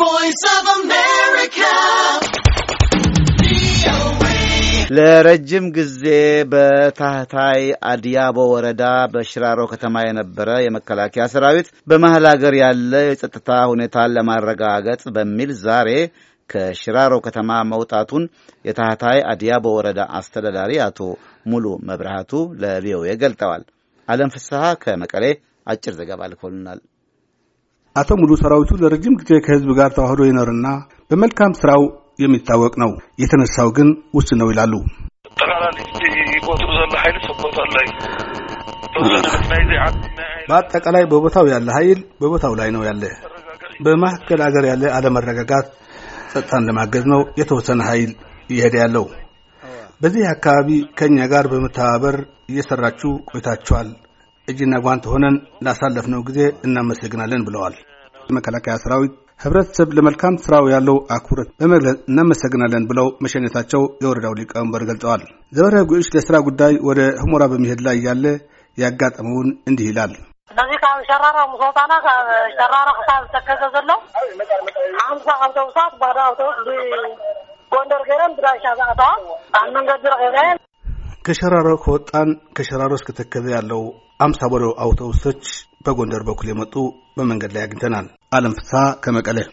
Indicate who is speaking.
Speaker 1: voice of America.
Speaker 2: ለረጅም ጊዜ በታህታይ አዲያቦ ወረዳ በሽራሮ ከተማ የነበረ የመከላከያ ሰራዊት በመሀል አገር ያለ የጸጥታ ሁኔታን ለማረጋገጥ በሚል ዛሬ ከሽራሮ ከተማ መውጣቱን የታህታይ አዲያቦ ወረዳ አስተዳዳሪ አቶ ሙሉ መብርሃቱ ለቪኦኤ ገልጠዋል። አለም ፍስሐ ከመቀሌ አጭር ዘገባ ልኮልናል።
Speaker 1: አቶ ሙሉ ሰራዊቱ ለረጅም ጊዜ ከህዝብ ጋር ተዋህዶ ይኖርና በመልካም ስራው የሚታወቅ ነው። የተነሳው ግን ውስን ነው ይላሉ። በአጠቃላይ በቦታው ያለ ኃይል በቦታው ላይ ነው ያለ። በማካከል አገር ያለ አለመረጋጋት ጸጥታን ለማገዝ ነው የተወሰነ ኃይል እየሄደ ያለው። በዚህ አካባቢ ከኛ ጋር በመተባበር እየሰራችሁ ቆይታችኋል። እጅና ጓንት ሆነን ላሳለፍነው ጊዜ እናመሰግናለን ብለዋል። መከላከያ ሰራዊት ህብረተሰብ ለመልካም ስራው ያለው አክብሮት በመግለጽ እናመሰግናለን ብለው መሸኘታቸው የወረዳው ሊቀመንበር ገልጸዋል። ዘበረ ጉዕሽ ለስራ ጉዳይ ወደ ህሞራ በመሄድ ላይ ያለ ያጋጠመውን እንዲህ ይላል።
Speaker 2: እነዚህ ካብ ሸራራ ሙሶታና ካብ ሸራራ ክሳብ ዝተከዘ ዘሎ ሓምሳ ኣብተውሳት ባህዳ ኣብተውስ ብጎንደር ገይረን ብዳሻ ዝኣተዋ ኣብ መንገዲ ረኪበን
Speaker 1: ከሸራሮ ከወጣን ከሸራሮ እስከ ተከዘ ያለው አምሳ በሎ አውቶቡሶች በጎንደር በኩል የመጡ በመንገድ ላይ አግኝተናል። አለም ፍስሐ ከመቀለ